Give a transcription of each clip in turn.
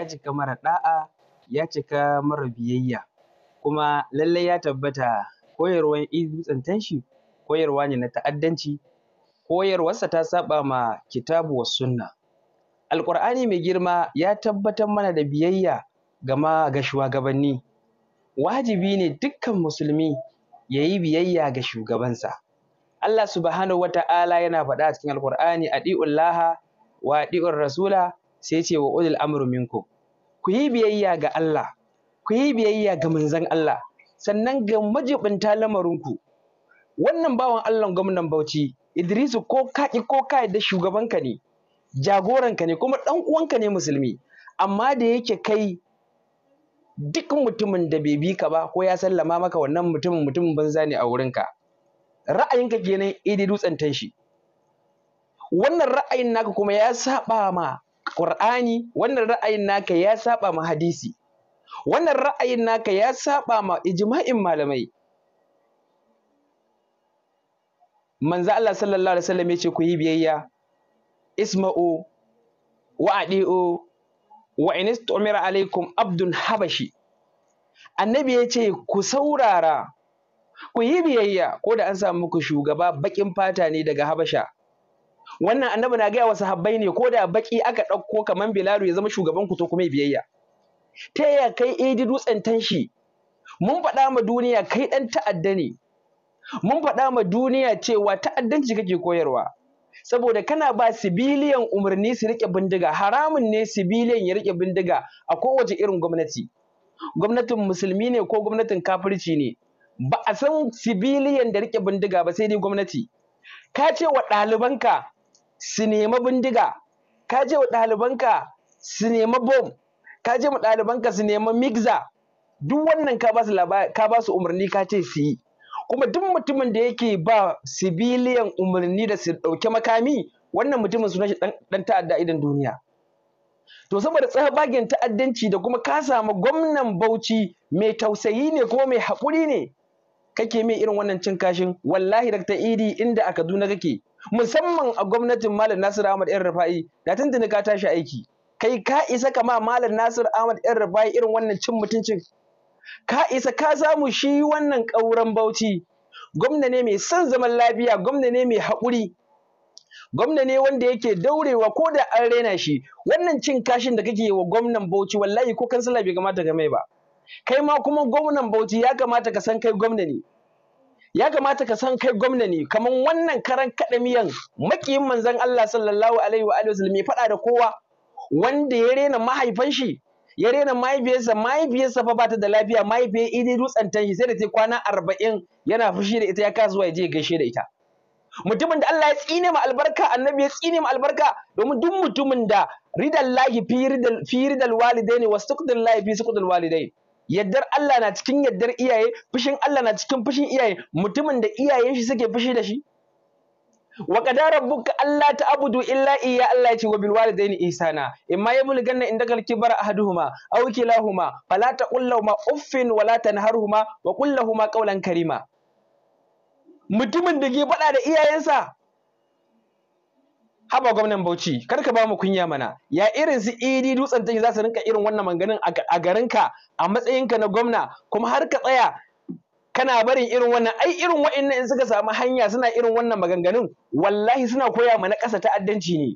ya cika mara ɗa'a ya cika mara biyayya kuma lallai ya tabbata koyarwar dutsen tanshi koyarwa ne na ta'addanci koyarwarsa ta saɓa ma kitabu wa sunna alƙur'ani mai girma ya tabbatar mana da biyayya gama ga shugabanni wajibi ne dukkan musulmi ya yi biyayya ga shugabansa Allah subhanahu wata'ala yana faɗa a cikin alƙur'ani adi'ullaha wa ɗi'ur rasula sai ce wa ulil amru minkum ku yi biyayya ga Allah ku yi biyayya ga manzon Allah sannan ga majibinta lamarinku wannan bawan Allah gwamnan Bauchi Idrisu ko kaki ko kai da shugabanka ne jagoranka ne kuma ɗan uwanka ne musulmi amma da yake kai duk mutumin da bai bi ka ba ko ya sallama maka wannan mutumin mutumin banza ne a wurinka ra'ayinka kenan idi dutsen shi wannan ra'ayin naka kuma ya saɓa ma Ƙur'ani, wannan ra'ayin naka ya saba ma hadisi wannan ra'ayin naka ya saba ma ijma'in malamai manzo Allah sallallahu alaihi wasallam yace ku yi biyayya isma'u wa adi'u wa in istumira alaikum abdun habashi annabi yace ku saurara ku yi biyayya ko da an samu muku shugaba bakin fata ne daga habasha wannan annabi na gaya wa sahabbai ne ko da baki aka ɗauko kaman bilalu ya zama shugaban ku to kuma biyayya ta yaya kai idi dutsen tanshi mun faɗa ma duniya kai ɗan ta'adda ne mun faɗa ma duniya cewa ta'addanci kake koyarwa saboda kana ba sibiliyan umarni su riƙe bindiga haramun ne sibiliyan ya riƙe bindiga a kowace irin gwamnati gwamnatin musulmi ne ko gwamnatin kafirci ne ba a san sibiliyan da riƙe bindiga ba sai dai gwamnati ka ce wa ɗalibanka su nema bindiga ka je wa ɗalibanka su nema bom ka je wa ɗalibanka su nema mixer duk wannan ka ba su ka ba su umarni ka ce su yi kuma duk mutumin da yake ba sibiliyan umarni da su ɗauki makami wannan mutumin sunan shi ɗan ta'adda idan duniya to saboda tsabagen ta'addanci da kuma ka samu gwamnan Bauchi mai tausayi ne kuma mai haƙuri ne kake mai irin wannan cin kashin wallahi Dr. Idi inda a Kaduna kake musamman a gwamnatin Malam Nasir Ahmad Yar Rafa'i da tuntuni ka tashi aiki. Kai ka isa ka ma Malam Nasir Ahmad ‘yan rafa'i irin wannan cin mutuncin? Ka isa ka samu shi wannan ƙauren Bauchi. Gwamna ne mai son zaman lafiya, gwamna ne mai haƙuri, gwamna ne wanda yake daurewa ko da an rena shi wannan cin kashin da kake wa gwamnan Bauchi wallahi ko kansala bai kamata ka mai ba kai ma kuma gwamnan Bauchi ya kamata ka san kai gwamna ne ya kamata ka san kai gwamna ne kamar wannan karan kaɗamiyan makiyin manzon Allah sallallahu alaihi wa alihi ya faɗa da kowa wanda ya rena mahaifan shi ya rena mahaifiyarsa mahaifiyarsa fa bata da lafiya mahaifiyar idi dutsantan shi sai da ta kwana arba'in yana fushi da ita ya kasa zuwa ya je gaishe da ita mutumin da Allah ya tsine ma albarka annabi ya tsine ma albarka domin duk mutumin da ridallahi fi ridal fi ridal walidaini wastuqdillahi fi suqdil walidaini yaddar Allah na cikin yaddar iyaye fushin Allah na cikin fushin iyaye mutumin da iyayen shi suke fushi da shi wa qadara rabbuka alla ta'budu illa iyya Allah yace wa bil walidayni ihsana imma yablughanna indaka al-kibara ahaduhuma aw kilahuma fala taqul lahumā uffin wa la tanharhuma wa qul lahumā qawlan karima mutumin da ke faɗa da iyayensa haba gwamnan Bauchi kar ka ba mu kunya mana ya irin su ED dutsen tanyi za su rinka irin wannan manganin a garinka a matsayinka na gwamna kuma har ka tsaya kana barin irin wannan ai irin wa'annan in suka samu hanya suna irin wannan maganganun wallahi suna koya mana ƙasa ta'addanci ne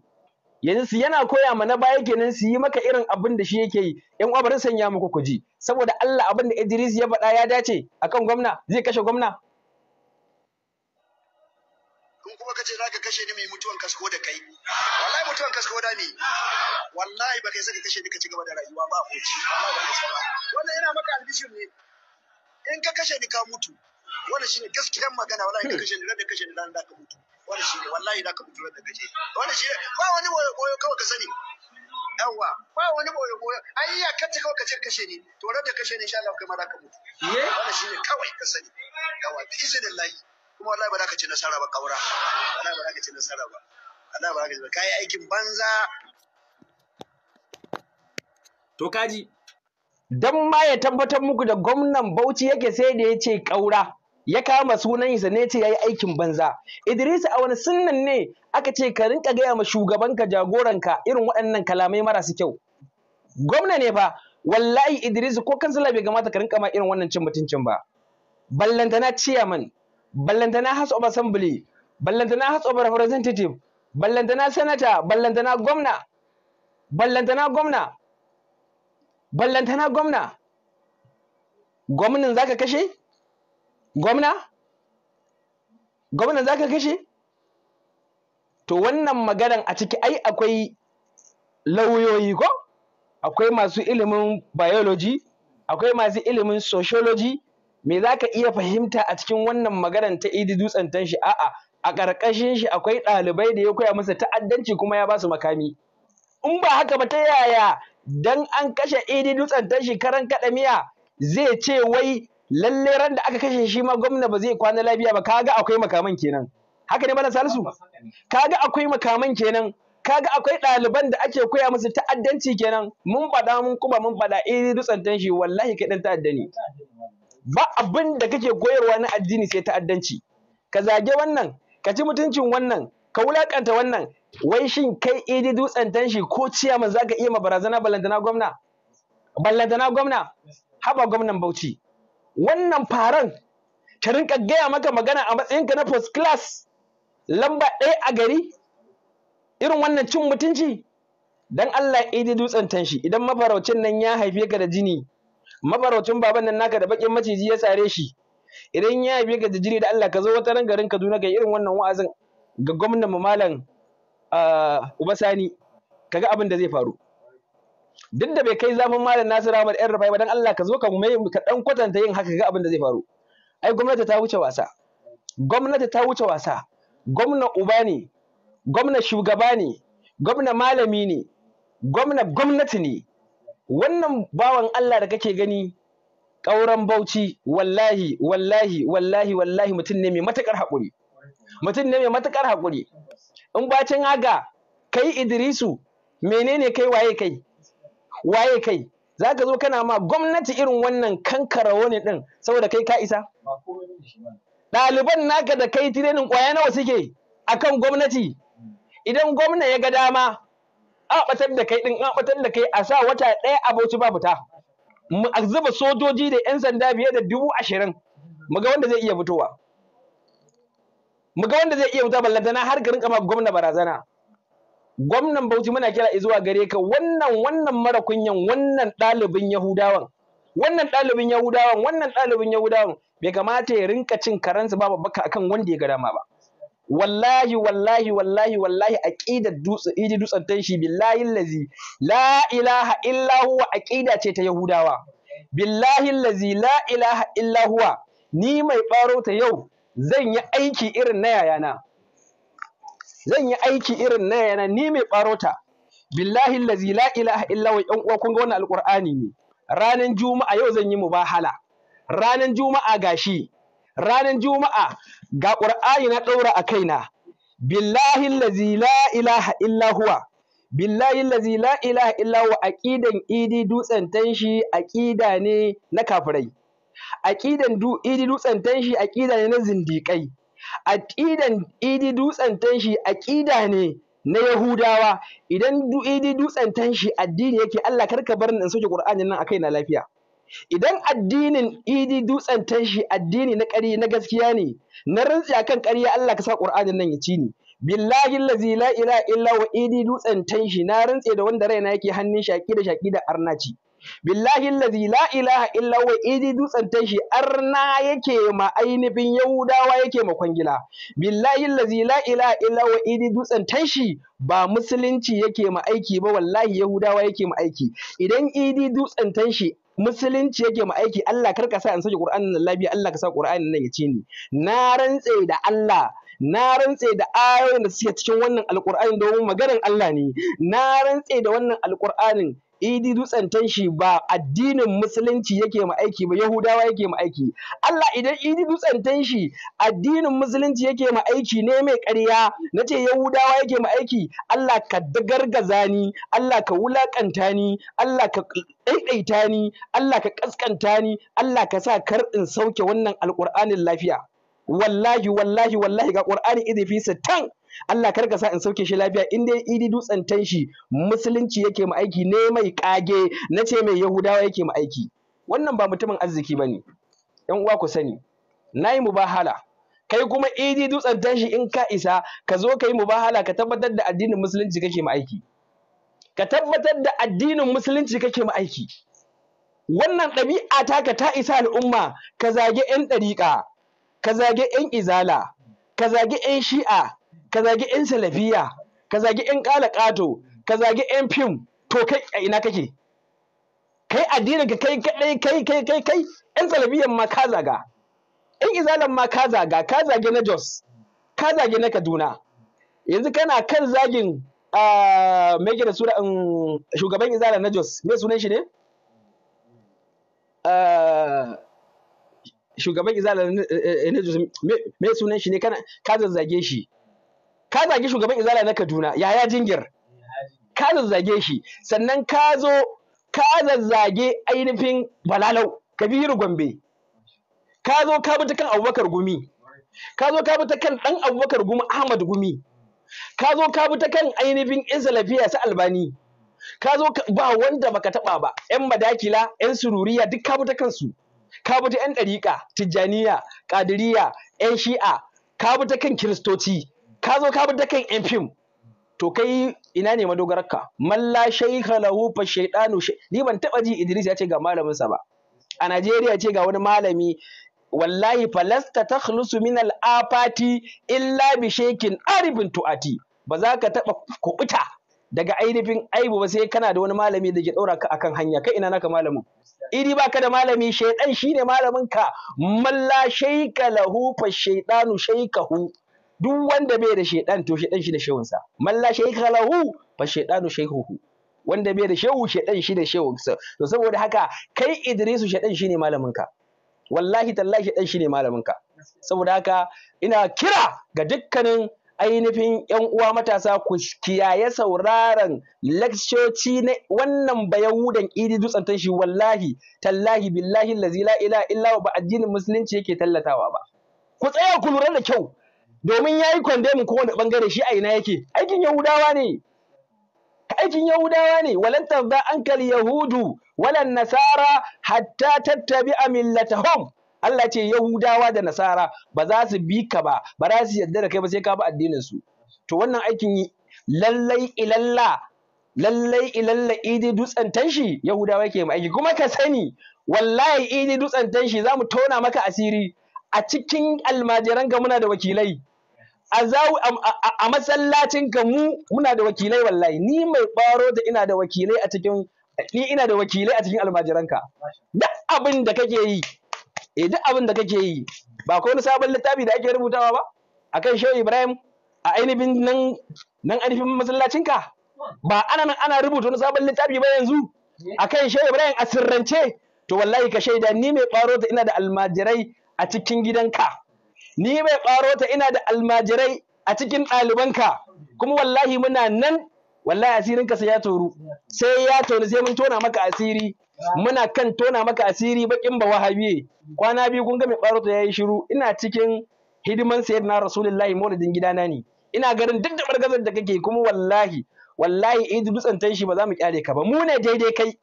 yanzu su yana koya mana na baya kenan su yi maka irin abin da shi yake yi yan uwa bari sanya muku kuji saboda Allah abin da Idris ya faɗa ya dace akan gwamna zai kashe gwamna in kuma za ka kashe ni mai mutuwan kasko da kai wallahi mutuwan kasko da ni wallahi ba kai saka kashe ni ka ci gaba da rayuwa ba aboci wannan yana maka albishir ne in ka kashe ni ka mutu wannan shine gaskiyar magana wallahi ka kashe ni da kashe ni dan da ka mutu wannan shine wallahi da ka mutu da kashe wannan shine ba wani boye boye kawai ka sani yawa ba wani boye boye ai ya kace kawai ka ce kashe ni to da kashe ni insha Allah kai ma da ka mutu wannan shine kawai ka sani yawa bi izinillahi kuma wallahi ba za ka ci nasara ba kaura wallahi ba za ka ci nasara ba wallahi ba za ka ci ba kai aikin banza to kaji dan ma ya tabbatar muku da gwamnan Bauchi yake sai da ya ce kaura ya kama sunan sa ne ce yayi aikin banza Idris a wani sunnan ne aka ce ka rinka gaya ma shugabanka jagoranka irin waɗannan kalamai marasu kyau gwamna ne fa wallahi Idris ko kansila bai gamata ka rinka ma irin wannan cin mutuncin ba ballantana ciyaman ballantana house of assembly ballantana house of representative ballantana senator ballantana Gomna, ballantana Gomna, ballantana gwamna Gomna zaka kashi? gwamna gwamnan zaka kashi? to wannan maganan a ciki ai akwai lauyoyi ko akwai masu ilimin biology akwai masu ilimin sociology me za ka iya fahimta a cikin wannan maganar ta idi dutsen tanshi a'a a ƙarƙashin shi akwai ɗalibai da ya koya musu ta'addanci kuma ya ba su makami in ba haka ba ta yaya dan an kashe idi dutsen tanshi karan kaɗamiya zai ce wai lalle ran da aka kashe shi ma gwamna ba zai kwana lafiya ba kaga akwai makaman kenan haka ne bana salisu kaga akwai makaman kenan kaga akwai ɗaliban da ake koya musu ta'addanci kenan mun faɗa mun kuma mun faɗa idi dutsen tanshi wallahi kaɗan ɗan ta'adda ne ba abin da kake koyarwa na addini sai ta'addanci ka zage wannan ka ci mutuncin wannan ka wulakanta wannan wai shin kai idi dutsen tanshi ko ciyaman za ka iya ma barazana ballantana gwamna ballantana gwamna haba gwamnan bauchi wannan faran ta rinka gaya maka magana a matsayinka na first class lamba ɗaya a gari irin wannan cin mutunci dan Allah idi dutsen tanshi idan mafaraucin nan ya haife ka da jini Mabarautun baban nan naka da bakin maciji ya sare shi idan ya yabe ga jijiri da Allah ka zo wata ran garin Kaduna kai irin wannan wa'azin ga gwamnan mu malam Uba Sani kaga abin da zai faru duk da bai kai zafin malam Nasiru Ahmad ɗan Rufai ba dan Allah ka zo ka mai ka dan kwatanta yin haka ga abin da zai faru ai gwamnati ta wuce wasa gwamnati ta wuce wasa gwamna uba ne gwamna shugaba ne gwamna malami ne gwamna gwamnati ne wannan bawan Allah da kake gani ƙauran bauchi wallahi wallahi wallahi wallahi mutum ne mai matuƙar haƙuri mutum ne mai matuƙar haƙuri in bacin haka kai Idrisu menene kai waye kai waye kai zaka zo kana ma gwamnati irin wannan kankara wani din saboda kai ka isa ɗaliban naka da kai tirenin kwaya nawa suke akan gwamnati idan gwamna ya ga dama a batar da kai din a batar da kai a sa wata ɗaya a bauchi ba fita mu zuba sojoji da yan sanda biye da dubu ashirin mu ga wanda zai iya fitowa mu ga wanda zai iya fita ballantana har garin kama gwamna barazana gwamnan bauchi muna kira zuwa gare ka wannan wannan mara kunyan wannan ɗalibin yahudawan wannan ɗalibin yahudawan wannan ɗalibin yahudawan bai kamata ya rinka cin karansa ba baka akan wanda ya ga dama ba wallahi wallahi wallahi wallahi aqidar dutse idi dutsen shi billahi allazi la ilaha illa huwa aqida ce ta yahudawa billahi allazi la ilaha illa huwa ni mai baro ta yau zan yi aiki irin na yayana zan yi aiki irin na yayana ni mai baro ta billahi allazi la ilaha illa huwa yan uwa kun ga wannan alqur'ani ne ranan juma'a yau zan yi mubahala ranan juma'a gashi ranan juma'a ga ƙur'ani na ɗaura a kaina billahi lazi la ilaha illa huwa billahi lazi la ilaha illa huwa aqidan idi dutsen tanshi aqida ne na kafirai aqidan du idi dutsen tanshi aqida ne na zindiƙai aqidan idi dutsen tanshi aqida ne na Yahudawa idan idi dutsen tanshi addini yake Allah karka bar ni in soke ƙur'ani nan a kaina lafiya idan addinin idi dutsen tashi addini na ƙari na gaskiya ne na rantsi akan ƙarya Allah ka sa Qur'anin nan ya ci ni billahi allazi la ilaha illa wa idi dutsen tashi na rantsi da wanda raina yake hannun shaki da shaki da arnaci billahi allazi la ilaha illa wa idi dutsen tashi arna yake ma ainihin yahudawa yake ma kwangila billahi allazi la ilaha illa wa idi dutsen tashi ba musulunci yake ma aiki ba wallahi yahudawa yake ma aiki idan idi dutsen tashi musulunci yake ma aiki Allah kar ka sa in saki Qur'anin nan lafiya Allah ka sa Qur'anin nan ya ci ni na rantse da Allah na rantse da ayoyin da suke cikin wannan alƙur'ani domin maganar Allah ne na rantse da wannan alƙur'anin idi dutsen tanshi ba addinin musulunci yake ma aiki ba yahudawa yake ma aiki Allah idan idi dutsen tanshi addinin musulunci yake ma aiki ne mai ƙarya nace yahudawa yake ma aiki Allah ka dagargaza ni Allah ka wulakanta ni Allah ka ɗaiɗaita ni Allah ka ƙaskanta ni Allah ka sa kar in sauke wannan alƙur'anin lafiya wallahi wallahi wallahi ga ƙur'ani fi sittan Allah kar ka sa in sauke shi lafiya in dai idi dutsen tanshi musulunci yake mu aiki ne mai kage na ce mai yahudawa yake mu aiki wannan ba mutumin arziki bane yan uwa ku sani nayi mubahala kai kuma idi dutsen tanshi in ka isa ka zo ka mubahala ka tabbatar da addinin musulunci kake mu aiki ka tabbatar da addinin musulunci kake mu aiki wannan ɗabi'a ka ta isa al'umma ka zage 'yan ɗariƙa ka zage 'yan izala ka zage 'yan shi'a ka zagi yan salafiya ka zagi yan ƙala ƙato ka zagi yan fim to kai a ina kake kai addinin ka kai kai kai kai kai kai yan salafiyan ma ka zaga yan izalan ma ka zaga ka zage na Jos ka zage na Kaduna yanzu kana kan zagin me yake da sura um, shugaban izalan na Jos me sunan shi ne shugaban izalan eh, eh, na Jos me sunan shi ne ka zazzage shi ka zage shugaban izala na Kaduna yaya jingir ka zazzage shi sannan ka zo ka zazzage ainihin balalau kabiru gombe ka zo ka bi ta kan abubakar gumi ka zo ka bi ta kan dan abubakar gumi ahmad gumi ka zo ka bi ta kan ainihin yan su albani ka zo ba wanda baka taba ba yan madakila yan sururiya duk ka bi ta kansu ka bi ta yan dariƙa tijjaniya ƙadiriya yan shi'a ka bi ta kan kiristoci ka zo ka bar dakan yan fim to kai ina ne madogararka malla shaykha lahu fa shaytanu ni ban taba ji Idris ya ce ga malamin sa ba a Najeriya ce ga wani malami wallahi falasta takhlusu min al-afati illa bi shaykin aribin tuati ba za ka taba kubuta daga ainihin aibu ba sai kana da wani malami da ke ɗora ka akan hanya kai ina naka malamin ba baka da malami shaidan shine malamin ka malla shaika lahu fa shaidanu shaikahu duk wanda bai da shaidan to shaidan shi da shehunsa man la shaykha lahu fa shaydanu shaykhuhu wanda bai da shehu shaidan shi da shehunsa to saboda haka kai Idrisu shaidan shi malamin ka wallahi tallahi shaidan shi malamin ka saboda haka ina kira ga dukkanin ainihin yan uwa matasa ku kiyaye sauraron lakcoci na wannan bayawudan idi dutsantan shi wallahi tallahi billahi lazi la ila illa ba addinin musulunci yake tallatawa ba ku tsaya ku lura da kyau domin ya yi mu kowane bangare, shi a ina yake aikin yahudawa ne aikin yahudawa ne walan tarda ankal yahudu walan nasara hatta tattabi'a millatahum Allah ce yahudawa da nasara ba za su bi ka ba ba za su yarda da kai ba sai ka bi addinin su to wannan aikin lallai ilalla lallai ilalla idi dutsen tanshi yahudawa yake aiki kuma ka sani wallahi idi dutsen tanshi za mu tona maka asiri a cikin almajiran ga muna da wakilai a masallacin mu muna da wakilai wallahi ni mai baro da ina da wakilai a cikin ni ina da wakilai a cikin almajiranka duk abin da kake yi eh duk abin da kake yi ba ko wani sabon littafi da ake rubutawa ba akan Shehu Ibrahim a ainihin nan nan ainihin masallacinka ba ana nan ana rubuta wani sabon littafi ba yanzu akan Shehu Ibrahim a sirrance to wallahi ka shaida ni mai baro da ina da almajirai a cikin gidanka ni mai ɓaro ta ina da almajirai a cikin ɗalibanka kuma wallahi muna nan wallahi asirin ka sai ya toru sai ya toru sai mun tona maka asiri muna kan tona maka asiri bakin ba wahabiye kwana biyu kun ga mai ɓaro ta yayi shiru ina cikin hidiman na rasulullahi gida gidana ne ina garin duk da bargazar da kake kuma wallahi wallahi idi dutsantan shi ba za mu kyale ka ba mu ne daidai kai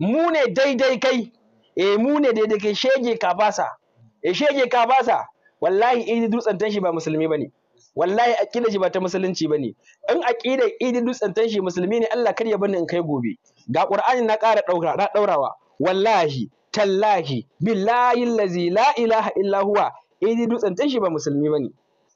mu ne daidai kai eh mu ne daidai kai shege ka basa eh shege ka basa wallahi idi dutsen tashi ba musulmi bane wallahi aqida shi ba ta musulunci bane in aqida idi dutsen tashi musulmi ne Allah kar ya bani in kai gobe ga qur'ani na ƙara daura daurawa wallahi tallahi billahi allazi la ilaha illa huwa idi dutsen tashi ba musulmi bane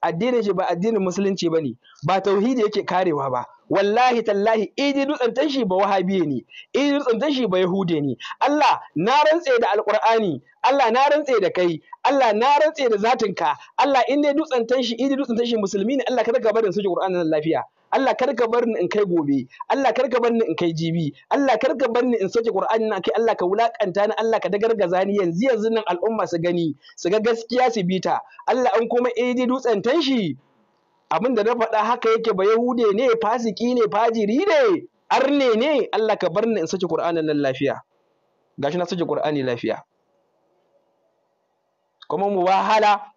addinin shi ba addinin musulunci bane ba tauhidi yake karewa ba wallahi tallahi idi dutsen shi ba wahabiye ne idi dutsen shi ba yahude ne Allah na rantse da alqur'ani Allah na rantse da kai Allah na rantse da zatinka Allah in dai dutsen shi idi dutsen shi musulmi ne Allah ka daga barin su qur'anin lafiya Allah kar ka bar ni in kai gobe Allah kar ka bar ni in kai jibi Allah kar ka bar ni in soke Qur'ani na kai Allah ka wulakanta ni Allah ka dagargaza ni yanzu yanzu nan al'umma su gani su ga gaskiya su bita Allah an kuma eji dutsen tanshi abin da na faɗa haka yake ba yahude ne fasiki ne fajiri ne arne ne Allah ka bar ni in soke Qur'anin nan lafiya gashi na soke Qur'ani lafiya kuma mu mubahala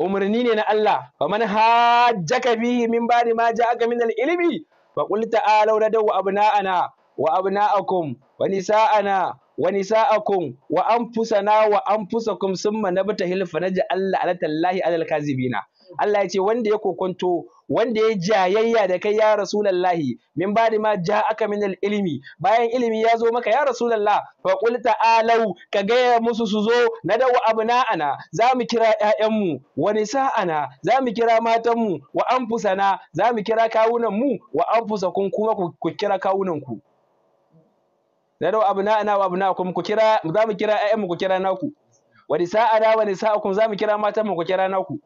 umarni ne na Allah Ba man hajjaka bihi min ba'di ma ja'aka min al-ilmi fa qul ta'alu nadaw abna'ana wa abna'akum wa nisa'ana wa nisa'akum wa anfusana wa anfusakum summa nabtahil fa naj'al la'natallahi 'alal kazibina Allah ya ce wanda ya kokonto wanda ya jayayya da kai ya rasulallahi min ba'di ma aka min ilimi bayan ilimi ya zo maka ya rasulullah fa qul ta'alau ka gaya musu su zo na da abna'ana za mu kira ƴaƴanmu wa nisa'ana za mu kira matanmu wa anfusana za mu kira kawunanmu wa anfusakum kuma ku kira kawunanku na da abna'ana wa abna'akum ku kira za mu kira ƴaƴanmu ku kira naku wa nisa'ana wa nisa'akum za mu kira matanmu ku kira naku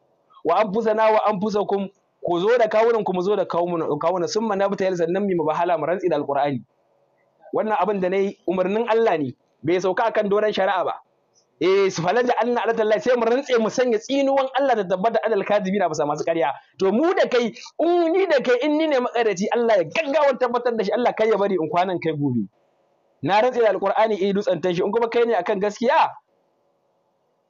wa an na wa an fusa kum ku zo da kawunan ku mu zo da kawunan sun ta yal sannan mi bahala mu rantsi da alqur'ani wannan abin da nayi umarnin Allah ne bai sauka akan doran shari'a ba eh su falar da Allah Allah sai mu rantse mu sanya tsinuwan Allah da tabbata adal kadibina ba sa masu ƙarya to mu da kai in ni da kai in ni ne makaraci Allah ya gaggawar tabbatar da shi Allah kai ya bari in kwanan kai gobe na rantse da alqur'ani eh dutsantan shi in kuma kai ne akan gaskiya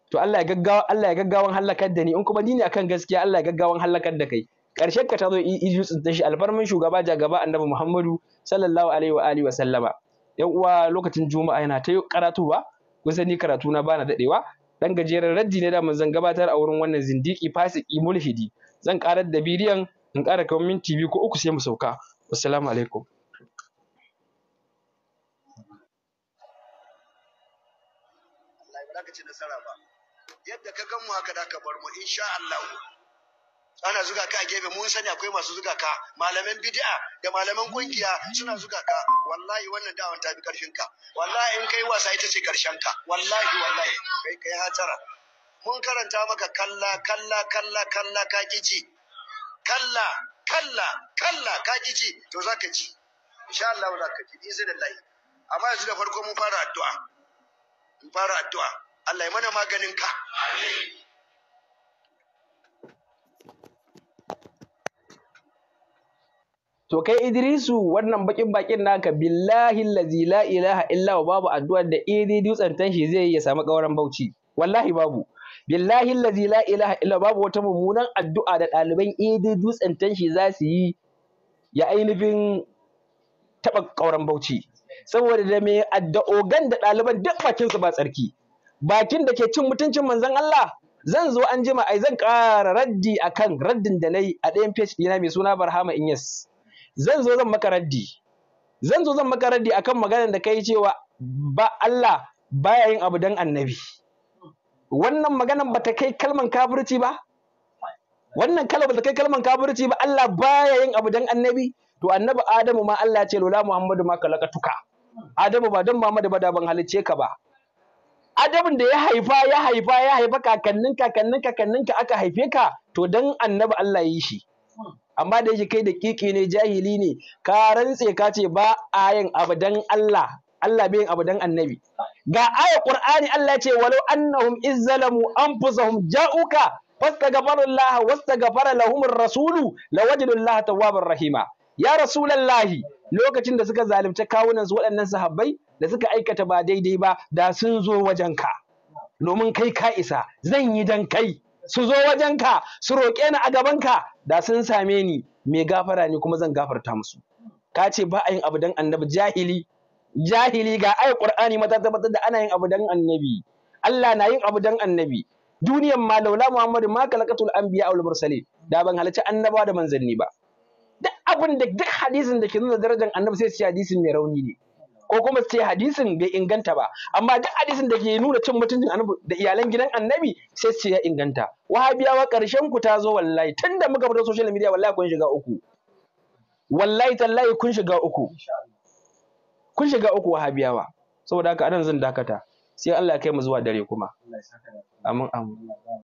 to Allah ya gaggawa Allah ya gaggawan halakar da ni in kuma ni akan gaskiya Allah ya gaggawan halakar da kai karshen ka tazo iju ta shi alfarman shugaba jagaba annabi Muhammadu sallallahu alaihi wa alihi wa sallama yan uwa lokacin juma'a yana ta karatuwa kusan ni karatu na bana dadewa dan gajeren raddi ne da zan gabatar a wurin wannan zindiki fasiki mulhidi zan karar da bidiyon in kara kamar minti biyu ko uku sai mu sauka assalamu alaikum nasara ba yadda ka gan mu haka da ka bar mu insha Allah ana zuga ka a gefe mun sani akwai masu zuga ka malaman bid'a da malaman kungiya suna zuga ka wallahi wannan da'awan ta bi karshen ka wallahi in kai wasa ita ce karshen ka wallahi wallahi kai kai hatara mun karanta maka kalla kalla kalla kalla ka kici kalla kalla kalla ka kici to zaka ci insha Allah zaka ci izinin Allah amma yanzu da farko mun fara addu'a mun fara addu'a Allah ya mana maganin ka To kai Idrisu wannan bakin bakin naka billahi allazi la ilaha illa wa babu addu'ar da idi dutsen shi zai ya samu kawaran bauchi wallahi babu billahi allazi la ilaha illa babu wata mummunan addu'a da ɗaliban idi dutsen shi za su yi ya ainihin taɓa kawaran bauchi saboda da me addu'ogan da ɗaliban duk bakinsu ba tsarki bakin da ke cin mutuncin manzon Allah zan zo an jima ai zan ƙara raddi akan raddin da na yi a ɗayan page ɗina mai suna Barhama Inyas zan zo zan maka raddi zan zo zan maka raddi akan maganar da kai cewa ba Allah baya yin abu dan annabi wannan maganar ta kai kalman kafirci ba wannan kala ta kai kalman kafirci ba Allah baya yin abu dan annabi to annabi Adamu ma Allah ce lola Muhammadu ma kalakatuka Adamu ba dan Muhammadu ba da ban halicce ka ba adabin da ya haifa ya haifa ya haifa kakannin kakannin kakannin ka aka haife ka to dan annabi Allah ya yi shi amma da yake kai da kiki ne jahili ne ka rantse ka ce ba ayin abu dan Allah Allah bai yin abu dan annabi ga aya Qur'ani Allah ya ce walau annahum izzalamu anfusahum ja'uka fastaghfiru Allah wastaghfara lahum ar-rasulu lawajidu Allah tawwabar rahima ya rasulullahi lokacin da suka zalunci kawunan su waɗannan sahabbai da suka aikata ba daidai ba da sun zo wajen ka. domin kai ka isa zan yi dan kai su zo wajen ka, su roƙe ni a gaban ka, da sun same ni mai gafara ne kuma zan gafarta musu ka ce ba a yin abu dan annabi jahili jahili ga ai qur'ani mata tabbatar da ana yin abu dan annabi Allah na yin abu dan annabi Duniyar ma laula Muhammadu ma kalakatul anbiya wal mursalin da ban halarci annabawa da manzanni ba duk abin da duk hadisin da ke nuna darajar annabi sai su hadisin mai rauni ne ko kuma su ce hadisin bai inganta ba amma duk hadisin da ke nuna cin mutuncin annabi da iyalan gidan annabi sai su ce ya inganta wahabiyawa ƙarshen ku ta zo wallahi tunda muka fito social media wallahi kun shiga uku wallahi tallahi kun shiga uku kun shiga uku wahabiyawa saboda haka anan zan dakata sai Allah ya kai mu zuwa dare kuma amin amin